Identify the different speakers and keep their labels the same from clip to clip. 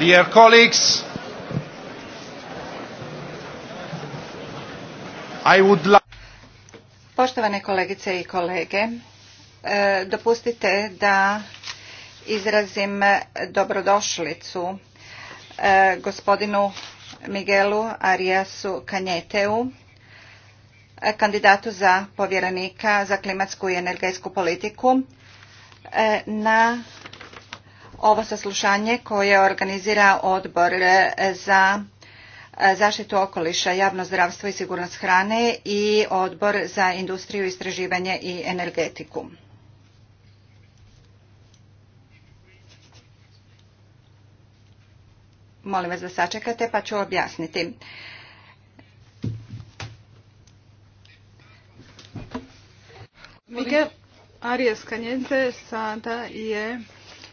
Speaker 1: Dear colleagues, I would like...
Speaker 2: Poštovane kolegice i kolege, e, dopustite da izrazim dobrodošlicu e, gospodinu Miguelu Ariasu Kanjeteu, e, kandidatu za povjerenika za klimatsku i energetsku politiku na ovo saslušanje koje organizira odbor za zaštitu okoliša, javno zdravstvo i sigurnost hrane i odbor za industriju, istraživanje i energetiku. Molim vas da sačekate pa ću objasniti.
Speaker 1: Miguel Arias sada je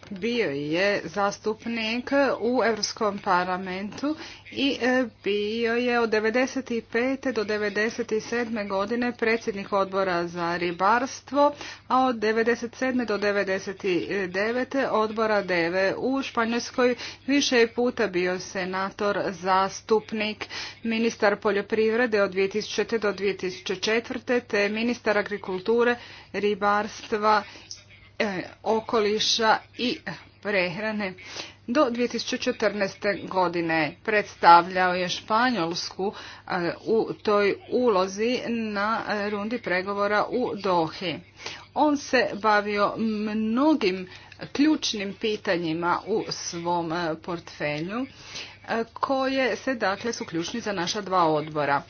Speaker 1: bio je zastupnik u Europskom parlamentu i e, bio je od 1995. do 1997. godine predsjednik odbora za ribarstvo, a od 1997. do 1999. odbora DEVE u Španjolskoj više puta bio senator, zastupnik, ministar poljoprivrede od 2000. do 2004. te ministar agrikulture, ribarstva E, okoliša i prehrane. Do 2014. godine predstavljao je Španjolsku e, u toj ulozi na rundi pregovora u Dohi. On se bavio mnogim ključnim pitanjima u svom e, portfelju koje se dakle su ključni za naša dva odbora.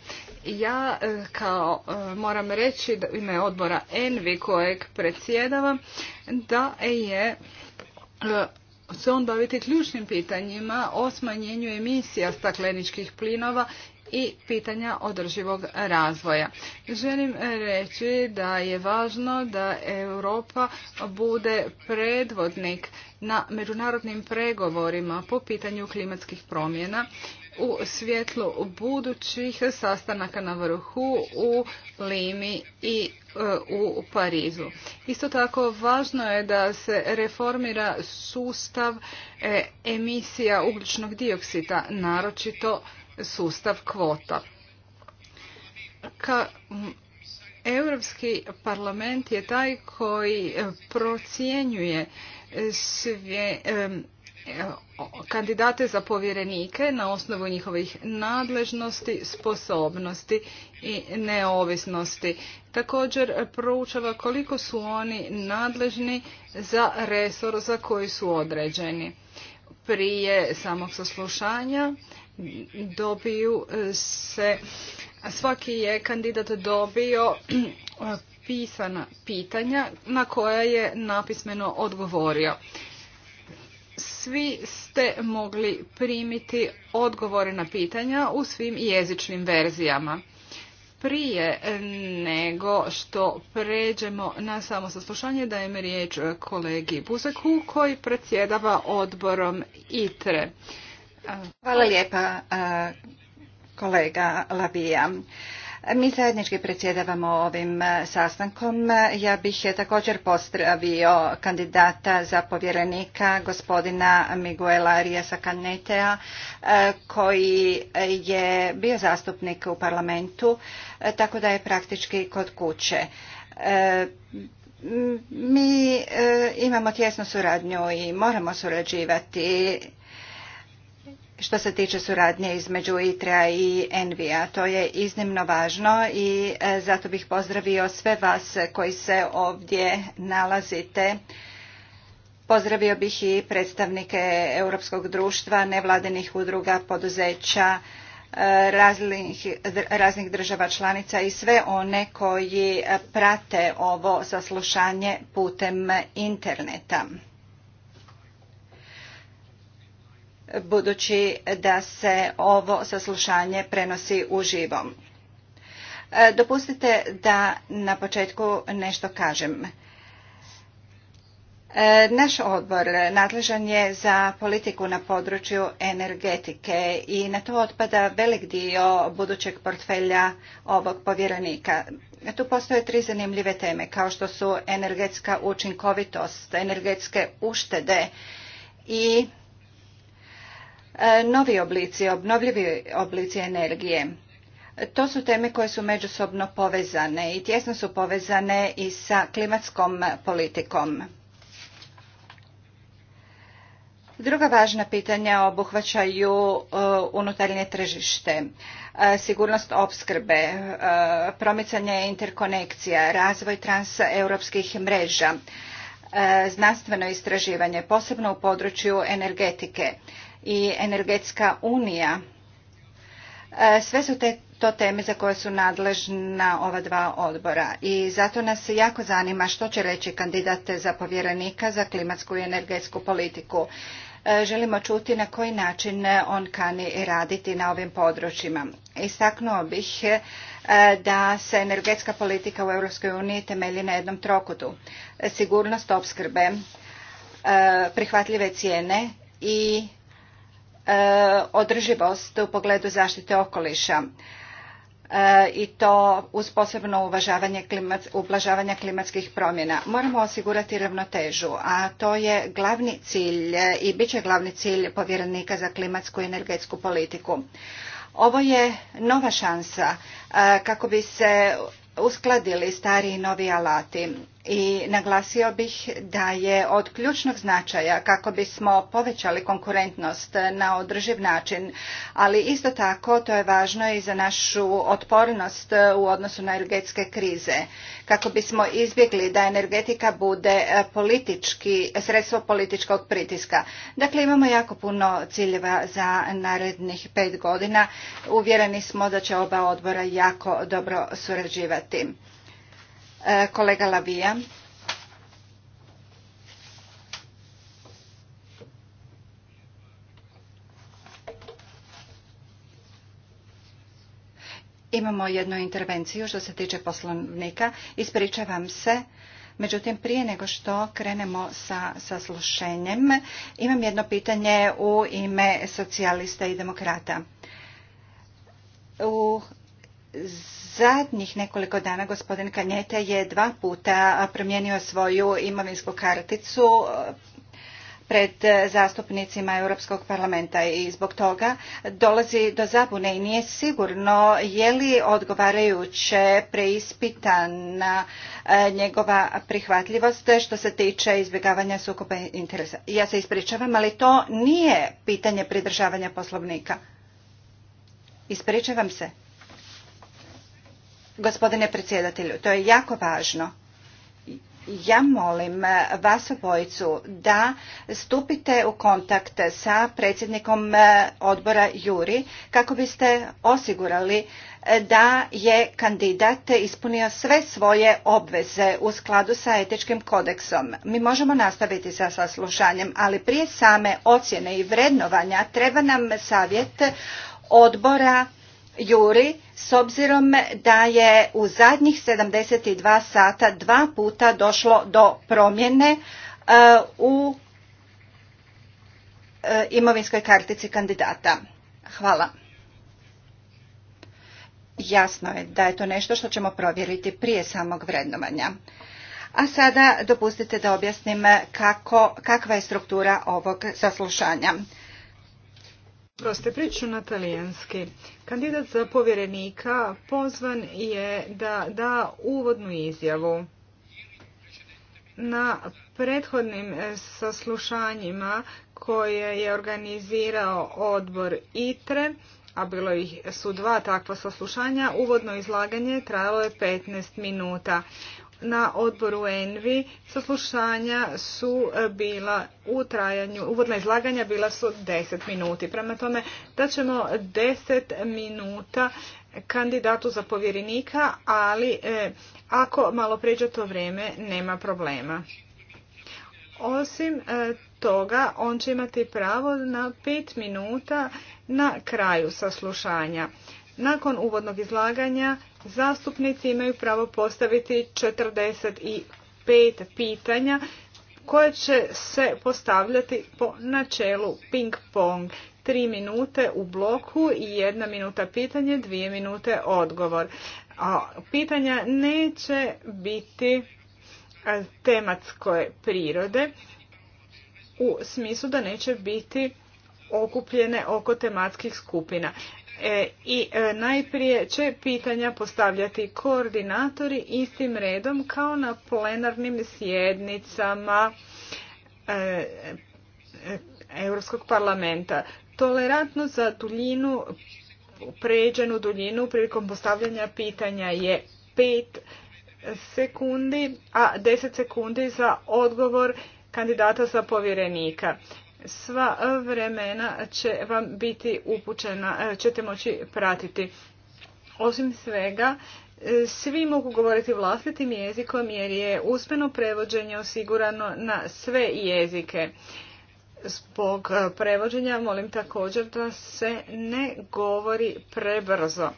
Speaker 1: Ja e, kao e, moram reći da ime odbora Envi kojeg predsjedavam da je e, se on baviti ključnim pitanjima o smanjenju emisija stakleničkih plinova i pitanja održivog razvoja. Želim reći da je važno da Europa bude predvodnik na međunarodnim pregovorima po pitanju klimatskih promjena u svjetlu budućih sastanaka na vrhu u Limi i e, u Parizu. Isto tako važno je da se reformira sustav e, emisija ugljičnog dioksida, naročito sustav kvota. Ka, Europski parlament je taj koji e, procjenjuje sve e, kandidate za povjerenike na osnovu njihovih nadležnosti, sposobnosti i neovisnosti. Također proučava koliko su oni nadležni za resor za koji su određeni. Prije samog saslušanja dobiju e, se, svaki je kandidat dobio e, pisana pitanja na koja je napismeno odgovorio. Svi ste mogli primiti odgovore na pitanja u svim jezičnim verzijama. Prije nego što pređemo na samo saslušanje, dajem riječ kolegi Buzeku koji predsjedava odborom ITRE. Hvala lijepa kolega Labija. Mi
Speaker 2: zajednički predsjedavamo ovim sastankom. Ja bih e, također pozdravio kandidata za povjerenika gospodina Miguela Riesa Canetea koji je bio zastupnik u parlamentu e, tako da je praktički kod kuće. E, mi imamo tjesnu suradnju i moramo surađivati što se tiče suradnje između ITRA i ENVIA, To je iznimno važno i e, zato bih pozdravio sve vas koji se ovdje nalazite. Pozdravio bih i predstavnike Europskog društva, nevladinih udruga, poduzeća, e, raznih, raznih država članica i sve one koji prate ovo saslušanje putem interneta. budući da se ovo saslušanje prenosi uživo. E, dopustite da na početku nešto kažem. E, naš odbor nadležan je za politiku na području energetike i na to otpada velik dio budućeg portfelja ovog povjerenika. Tu postoje tri zanimljive teme kao što su energetska učinkovitost, energetske uštede i novi oblici, obnovljivi oblici energije. To su teme koje su međusobno povezane i tjesno su povezane i sa klimatskom politikom. Druga važna pitanja obuhvaćaju e, unutarnje tržište, e, sigurnost opskrbe, e, promicanje interkonekcija, razvoj transeuropskih mreža, znanstveno istraživanje, posebno u području energetike i energetska unija. E, sve su te to teme za koje su nadležna ova dva odbora i zato nas jako zanima što će reći kandidat za povjerenika za klimatsku i energetsku politiku. E, želimo čuti na koji način on kani raditi na ovim područjima. Istaknuo bih e, da se energetska politika u EU temelji na jednom trokutu. Sigurnost opskrbe, prihvatljive cijene i E, održivost u pogledu zaštite okoliša e, i to uz posebno uvažavanje klimat, ublažavanja klimatskih promjena. Moramo osigurati ravnotežu, a to je glavni cilj e, i bit će glavni cilj povjerenika za klimatsku i energetsku politiku. Ovo je nova šansa kako bi se uskladili stari i novi alati i naglasio bih da je od ključnog značaja kako bismo povećali konkurentnost na održiv način, ali isto tako to je važno i za našu otpornost u odnosu na energetske krize, kako bismo izbjegli da energetika bude politički, sredstvo političkog pritiska. Dakle, imamo jako puno ciljeva za narednih pet godina. Uvjereni smo da će oba odbora jako dobro surađivati. E, kolega Lavija. Imamo jednu intervenciju što se tiče poslovnika. Ispričavam se. Međutim, prije nego što krenemo sa saslušenjem, imam jedno pitanje u ime socijalista i demokrata. U zadnjih nekoliko dana gospodin Kanjeta je dva puta promijenio svoju imovinsku karticu eh, pred zastupnicima Europskog parlamenta i zbog toga dolazi do zabune i nije sigurno je li odgovarajuće preispitana eh, njegova prihvatljivost što se tiče izbjegavanja sukoba interesa. Ja se ispričavam, ali to nije pitanje pridržavanja poslovnika. Ispričavam se. Gospodine predsjedatelju, to je jako važno. Ja molim eh, vas obojicu da stupite u kontakt sa predsjednikom eh, odbora Juri kako biste osigurali eh, da je kandidat ispunio sve svoje obveze u skladu sa etičkim kodeksom. Mi možemo nastaviti sa saslušanjem, ali prije same ocjene i vrednovanja treba nam savjet odbora Juri, s obzirom da je u zadnjih 72 sata dva puta došlo do promjene e, u e, imovinskoj kartici kandidata. Hvala. Jasno je da je to nešto što ćemo provjeriti prije samog vrednovanja. A sada dopustite da objasnim kakva
Speaker 1: je struktura ovog saslušanja. Proste priču na talijanski. Kandidat za povjerenika pozvan je da da uvodnu izjavu. Na prethodnim eh, saslušanjima koje je organizirao odbor ITRE, a bilo ih su dva takva saslušanja, uvodno izlaganje trajalo je 15 minuta na odboru Envi saslušanja su e, bila u trajanju, uvodna izlaganja bila su 10 minuti. Prema tome da ćemo 10 minuta kandidatu za povjerenika, ali e, ako malo pređe to vrijeme nema problema. Osim e, toga, on će imati pravo na 5 minuta na kraju saslušanja. Nakon uvodnog izlaganja zastupnici imaju pravo postaviti 45 pitanja koje će se postavljati po načelu ping-pong. Tri minute u bloku i jedna minuta pitanje, dvije minute odgovor. A pitanja neće biti tematske prirode u smislu da neće biti okupljene oko tematskih skupina. E, i e, najprije će pitanja postavljati koordinatori istim redom kao na plenarnim sjednicama e, Europskog parlamenta. tolerantno za duljinu, pređenu duljinu prilikom postavljanja pitanja je 5 sekundi, a 10 sekundi za odgovor kandidata za povjerenika sva vremena će vam biti upućena, e, ćete moći pratiti. Osim svega, e, svi mogu govoriti vlastitim jezikom jer je uspjeno prevođenje osigurano na sve jezike. Zbog e, prevođenja molim također da se ne govori prebrzo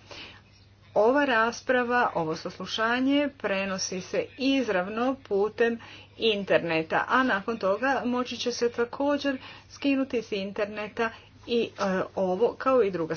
Speaker 1: ova rasprava, ovo saslušanje prenosi se izravno putem interneta, a nakon toga moći će se također skinuti s interneta i e, ovo kao i druga